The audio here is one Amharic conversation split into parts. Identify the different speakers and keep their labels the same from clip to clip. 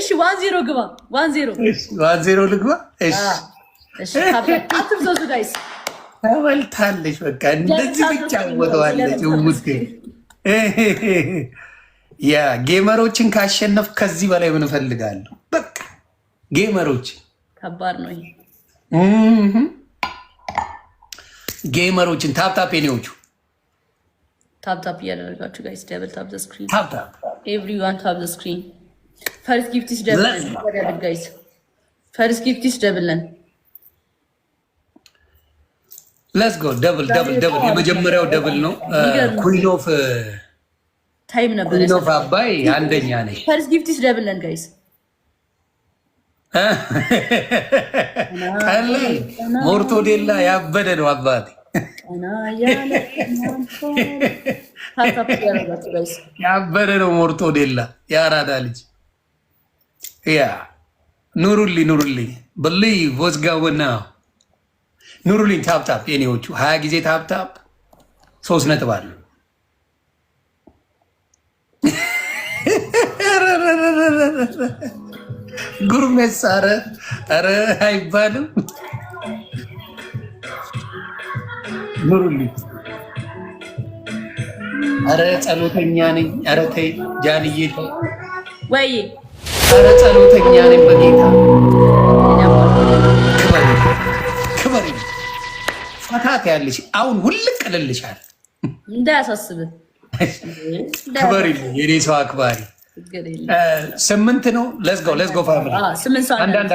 Speaker 1: እሺ፣ ዋን ዜሮ ግባ። ዋን ዜሮ
Speaker 2: ዋን ዜሮ ልግባ። እሺ፣
Speaker 1: እሺ። አትብዘዙ ጋይስ።
Speaker 2: ተበልታለች። በቃ እንደዚህ ብቻ ወተዋለች። ውድ ያ ጌመሮችን ካሸነፍ ከዚህ በላይ ምን እፈልጋለሁ? በቃ ጌመሮች ከባድ ነው። ጌመሮችን ታፕታፕ ኔዎቹ
Speaker 1: ታፕታፕ እያደረጋችሁ ጋይስ ደብል ታፕ ዘ ስክሪን ታፕታፕ ኤቭሪዋን ታፕ ዘ ስክሪን ፈርስ ጊፍት is ደብለን guys ፈርስ ጊፍት is ደብለን
Speaker 2: let's ደብል ደብል ደብል የመጀመሪያው ደብል ነው። ኩዊን ኦፍ ታይም ነበር። ኩዊን ኦፍ አባይ አንደኛ ነኝ።
Speaker 1: ፈርስ ጊፍት is ደብለን guys
Speaker 2: ቀለል ሞርቶዴላ ያበደ ነው አባቴ ያበደ ነው ሞርቶዴላ የአራዳ ልጅ ያ ኑሩልኝ ኑሩልኝ ብሊቭ ወዝ ኑሩልኝ። ታፕታፕ የኔዎቹ ሀያ ጊዜ ታፕታፕ ሶስት ነጥብ አሉ። ጉርሜሳ ኧረ ኧረ አይባልም። ኑሩልኝ ኧረ ጸሎተኛ ነኝ። ኧረ ተይ ጃንዬ ወይ ኧረ ጸሎተኛ ነኝ በጌታ ክበሪ ፈታት ያለሽ አሁን ውልቅ ልልሻል። ክበሪ የኔ ሰው አክባሪ ስምንት ነው። ለዝገው ለዝገው አንዳንድ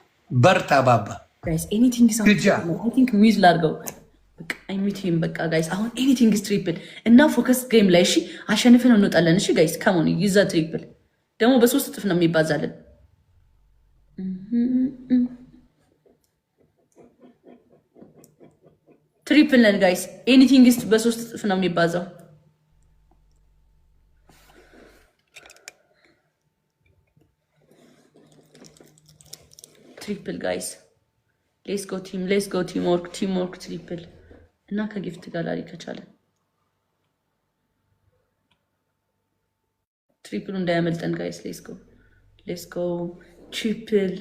Speaker 2: በርታ ባባ
Speaker 1: ሚዝ ላድርገው ሚም በቃ ጋይስ፣ አሁን ኤኒቲንግ ስትሪፕል እና ፎከስ ጌም ላይ እሺ፣ አሸንፈን እንወጣለን። እሺ ጋይስ ከሞን ይዛ ትሪፕል ደግሞ በሶስት እጥፍ ነው የሚባዛለን። ትሪፕል ነን ጋይስ፣ ኤኒቲንግ በሶስት እጥፍ ነው የሚባዛው። ትሪፕል ጋይስ ሌስ ጎ ቲም ሌስ ጎ ቲም ወርክ ቲም ወርክ ትሪፕል እና ከጊፍት ጋላሪ ከቻለ ትሪፕሉ እንዳያመልጠን ጋይስ ሌስ ጎ ሌስ ጎ ቺፕል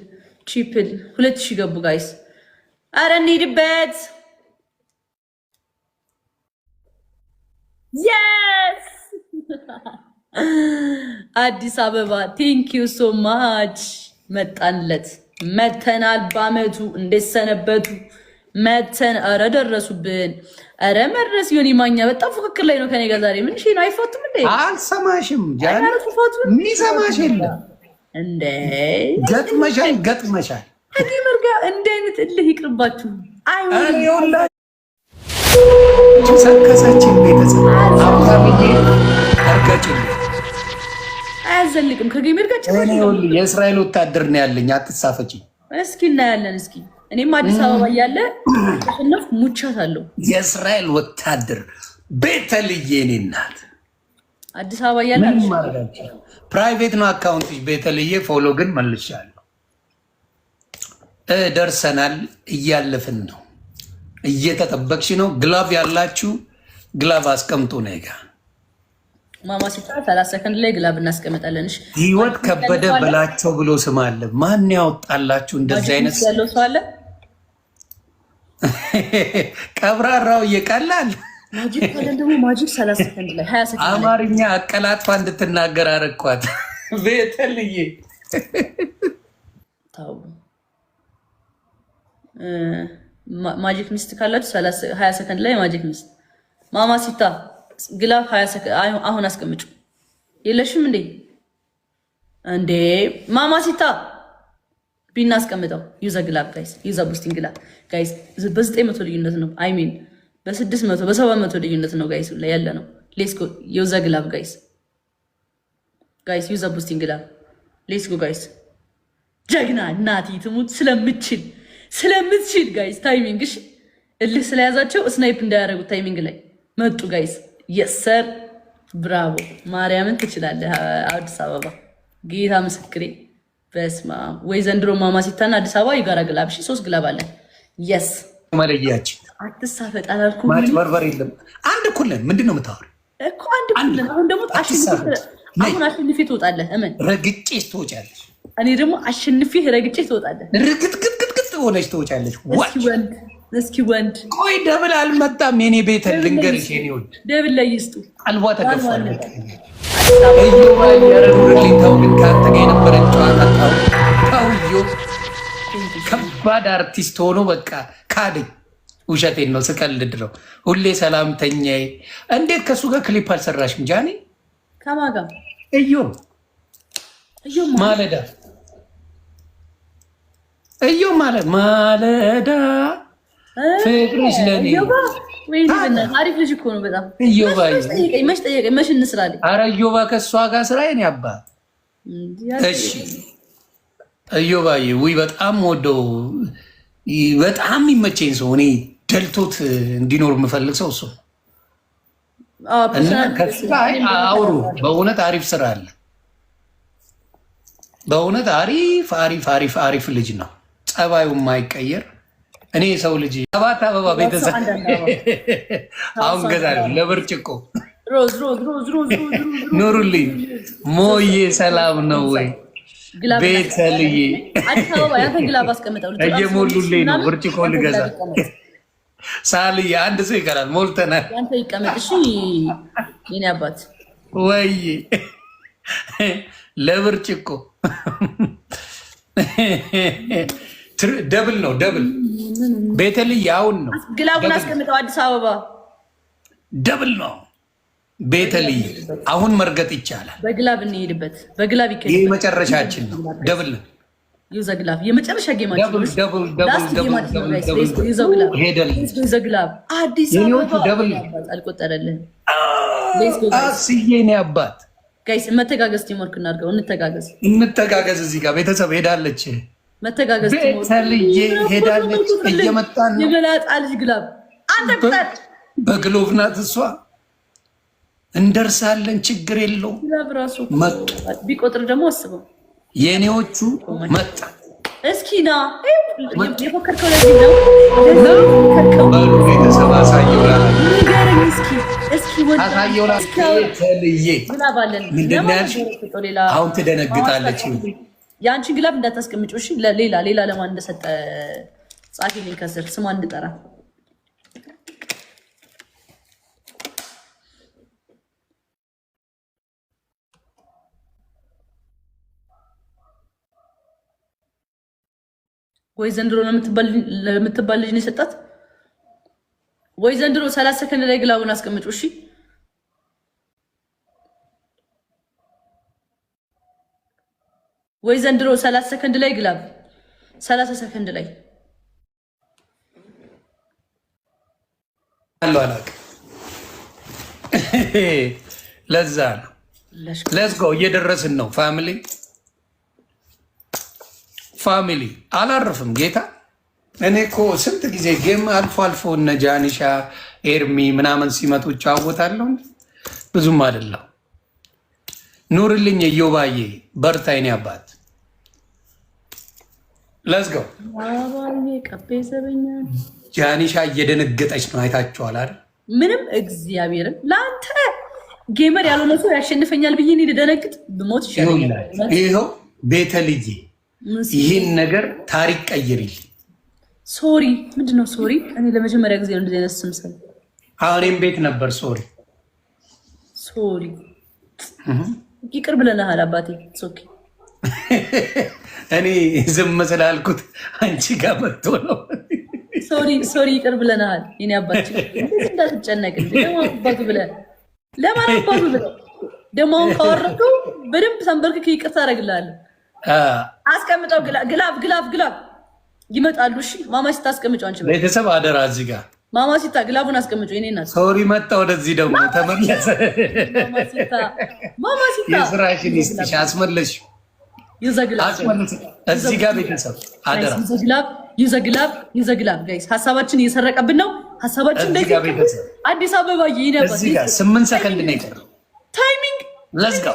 Speaker 1: ቺፕል ሁለት ሺህ ገቡ ጋይስ። አረ እንሂድበት። የስ አዲስ አበባ ቴንክ ዩ ሶ ማች መጣንለት። መተናል ባመቱ እንደሰነበቱ መተን ኧረ ደረሱብን። ኧረ መድረስ ዮኒ ማኛ በጣም ፉክክር ላይ ነው ከኔ ጋር ዛሬ። ምን ነው አይፋቱም እንዴ?
Speaker 2: አልሰማሽም። የሚሰማሽ የለም እንዴ? ገጥመሻል፣ ገጥመሻል።
Speaker 1: ከዚህ መርጋ እንዲህ አይነት እልህ ይቅርባችሁ። አይሆንላ
Speaker 2: ሰከሰችን ቤተሰብ አብዛሚ እርገጭ
Speaker 1: አያዘልቅም። ከገሜር ጋር
Speaker 2: የእስራኤል ወታደር ነው ያለኝ። አትሳፈጭ።
Speaker 1: እስኪ እናያለን። እስኪ እኔም አዲስ አበባ እያለ ሽነፍ ሙቻት አለው።
Speaker 2: የእስራኤል ወታደር ቤተልዬ፣ እኔ እናት
Speaker 1: አዲስ አበባ እያለ
Speaker 2: ፕራይቬት ነው አካውንት ቤተልዬ። ፎሎ ግን መልሻለሁ። ደርሰናል። እያለፍን ነው። እየተጠበቅሽ ነው። ግላቭ ያላችሁ ግላቭ አስቀምጡ ነጋ
Speaker 1: ማማ ሲባል ሰላሳ ሰከንድ ላይ ግላብ እናስቀምጣለን።
Speaker 2: ህይወት ከበደ በላቸው ብሎ ስም አለ። ማን ያወጣላችሁ? እንደዚህ አይነት ያለው ሰው አለ። ቀብራራው እየቀላል
Speaker 1: ማጂክ ካለ
Speaker 2: አማርኛ አቀላጥፋ እንድትናገር አረኳት። ቤተልዬ
Speaker 1: ማጂክ ሚስት ካላችሁ ሀያ ሰከንድ ላይ ማጂክ ሚስት ማማሲታ ግላፍ አሁን አስቀምጩ። የለሽም እንዴ? እንዴ ማማሲታ ቢና አስቀምጠው። ዩዘ ግላፍ ጋይስ፣ ዩዘ ቡስቲንግ ግላፍ ጋይስ። በዘጠኝ መቶ ልዩነት ነው አይ ሚን በስድስት መቶ በሰባት መቶ ልዩነት ነው ጋይስ ላይ ያለ ነው። ሌስኮ ዩዘ ግላፍ ጋይስ፣ ጋይስ ዩዘ ቡስቲንግ ግላፍ ሌስኮ ጋይስ። ጀግና እናቴ ትሙት ስለምችል ስለምትችል ጋይስ ታይሚንግ እሺ፣ እልህ ስለያዛቸው ስናይፕ እንዳያደርጉት ታይሚንግ ላይ መጡ ጋይስ። የሰር ብራቮ ማርያምን ትችላለህ። አዲስ አበባ ጌታ ምስክሬ በስማ ወይ ዘንድሮ ማማሲታና አዲስ አበባ የጋራ ግላብ እሺ፣ ሶስት ግላብ አለን። የስ መለያችን አትሳፈጥ አላልኩም።
Speaker 2: ማጭበርበር የለም። አንድ እኩል ምንድን ነው የምታወሪው
Speaker 1: እኮ አንድ እኩል አሁን ደግሞ አሁን አሸንፌ ትወጣለህ። እመን
Speaker 2: ረግጬ ትወጫለሽ።
Speaker 1: እኔ ደግሞ አሸንፌ ረግጬ ትወጣለህ።
Speaker 2: ርግጥግጥግጥግጥ ሆነች ትወጫለች።
Speaker 1: ወንድ እስኪ ወንድ
Speaker 2: ቆይ ደብል አልመጣም። የኔ ቤት ልንገር
Speaker 1: ደብል ላይ ይስጡ
Speaker 2: አልዋ ተገፋል። ከባድ አርቲስት ሆኖ በቃ ካደኝ። ውሸቴን ነው ስቀልድ ነው። ሁሌ ሰላምተኛዬ። እንዴት ከእሱ ጋር ክሊፕ አልሰራሽም ጃኒ? ከማን ጋር? እዩ ማለዳ ማለ ማለዳ ፍቅርሽ ለኔ
Speaker 1: አሪፍ ልጅ እኮ ነው። በጣም መች ጠየቀኝ፣ መች እንስራለን።
Speaker 2: አረ እዮባ ከእሷ ጋር ስራ የኔ አባ። እሺ እዮባዬ፣ ውይ በጣም ወደው በጣም የሚመቸኝ ሰው እኔ ደልቶት እንዲኖር የምፈልግ ሰው እሱ አውሩ። በእውነት አሪፍ ስራ አለ። በእውነት አሪፍ አሪፍ አሪፍ አሪፍ ልጅ ነው። ጸባዩ የማይቀየር እኔ የሰው ልጅ ሰባት አበባ ቤተሰብ አሁን ገዛለሁ ለብርጭቆ። ኑሩልኝ ሞዬ፣ ሰላም ነው ወይ ቤተልዬ? እየሞሉልኝ ነው ብርጭቆ ልገዛ። ሳልዬ፣ አንድ ሰው ይቀራል፣ ሞልተናል። ወይ ለብርጭቆ ደብል ነው ደብል ቤተልይ አሁን ነው
Speaker 1: ግላቡን አስቀምጠው አዲስ አበባ
Speaker 2: ደብል ነው። ቤተልይ አሁን መርገጥ ይቻላል።
Speaker 1: በግላብ እንሄድበት በግላብ ይከ
Speaker 2: ይህ መጨረሻችን ነው። ደብል
Speaker 1: ዩዘ ግላብ የመጨረሻ
Speaker 2: ጌማቸውግላብ አዲስ አበባ
Speaker 1: አልቆጠረልን
Speaker 2: ስዬኔ አባት
Speaker 1: ጋይስ መተጋገዝ ቲሞርክ እናድርገው። እንተጋገዝ
Speaker 2: እንተጋገዝ። እዚህ ጋር ቤተሰብ ሄዳለች። መተጋገዝ ተልዬ ሄዳለች። እየመጣን ነው።
Speaker 1: የበላጣ ልጅ ግላብ አንተ ቁጠር።
Speaker 2: በግሎቭ ናት እሷ። እንደርሳለን፣ ችግር የለው። መጡ
Speaker 1: ቢቆጥር ደግሞ አስበው።
Speaker 2: የእኔዎቹ መጣ።
Speaker 1: እስኪ ና የፎከርከው ለዚህ ነው
Speaker 2: ቤተሰብ አሳየው ላ አሳየው ተልዬ ምንድን ነው ያልሽኝ? አሁን ትደነግጣለች።
Speaker 1: የአንቺን ግላብ እንዳታስቀምጭ እሺ። ሌላ ሌላ ለማን እንደሰጠ ጻፊልኝ ከስር ስሟ እንድጠራ። ወይ ዘንድሮ ለምትባል ልጅ ነው የሰጣት። ወይ ዘንድሮ ሰላሳ ሰከንድ ላይ ግላቡን አስቀምጭ እሺ። ወይ ዘንድሮ ሰላሳ ሰከንድ ላይ ግላብ ሰላሳ ሰከንድ ላይ
Speaker 2: አለው አላውቅም። ለዛ ነው ጎ እየደረስን ነው። ፋሚሊ ፋሚሊ አላርፍም ጌታ እኔ እኮ ስንት ጊዜ ጌም አልፎ አልፎ እነ ጃኒሻ ኤርሚ ምናምን ሲመጡ እጫወታለሁ። ብዙም አይደለም ኑርልኝ እዮባዬ በርታ የኔ አባት ለዝገው ጃኒሻ እየደነገጠች ነው። አይታችኋል አይደል?
Speaker 1: ምንም እግዚአብሔርን ለአንተ ጌመር ያልሆነ ሰው ያሸንፈኛል ብዬ እኔ ልደነግጥ ብሞት ይሻለኛል።
Speaker 2: ይኸው ቤተ ልዬ ይህን ነገር ታሪክ ቀይርልኝ።
Speaker 1: ሶሪ ምንድን ነው ሶሪ? እኔ ለመጀመሪያ ጊዜ ነው እንደዚህ አይነት ስም ሰው
Speaker 2: እኔም ቤት ነበር ሶሪ
Speaker 1: ሶሪ ይቅር ብለናል አባቴ። ኦኬ
Speaker 2: እኔ ዝም ስላልኩት አንቺ ጋር መጥቶ ነው።
Speaker 1: ሶሪ ይቅር ብለናል። ይኔ አባቸው እንዳትጨነቅ ለማባቱ ብለ ለማን አባቱ ብለ ደግሞ አሁን ካወረድከው በደንብ ተንበርክክ ይቅር አደርግልሃለሁ። አስቀምጠው ግላፍ ግላፍ ግላፍ ይመጣሉ። እሺ ማማሽ ታስቀምጫው አንቺ
Speaker 2: ቤተሰብ አደራ እዚህ ጋር
Speaker 1: ማማሲታ ግላቡን አስቀምጩ። የእኔ ናት።
Speaker 2: ሶሪ መጣ ወደዚህ ደግሞ ተመለሰ። ማማሲታ የስራሽን ይስጥሽ። አስመለሽ
Speaker 1: እዚህ
Speaker 2: ጋር ቤተሰብ አደራ
Speaker 1: ይዘግላብ ይዘግላብ። ጋይስ ሀሳባችን እየሰረቀብን ነው። ሀሳባችን አዲስ አበባ
Speaker 2: ስምንት ሰከንድ ነው የቀረው ታይሚንግ። ለዝጋ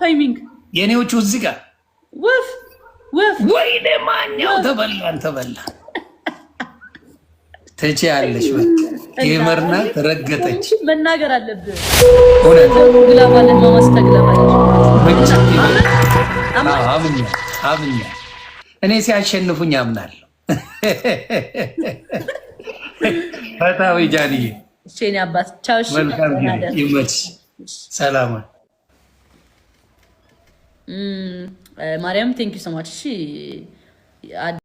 Speaker 2: ታይሚንግ የእኔዎቹ እዚህ ጋር
Speaker 1: ወፍ ወፍ።
Speaker 2: ወይኔ ማኛው ተበላን ተበላን ተቼ ያለሽ ጌመርና ረገጠች
Speaker 1: መናገር አለብህ። ግላባለን
Speaker 2: እኔ ሲያሸንፉኝ አምናለሁ። ፈታዊ ጃንዬ መልካም ይመች። ሰላማ ማርያም ቴንኪዩ ሶማች።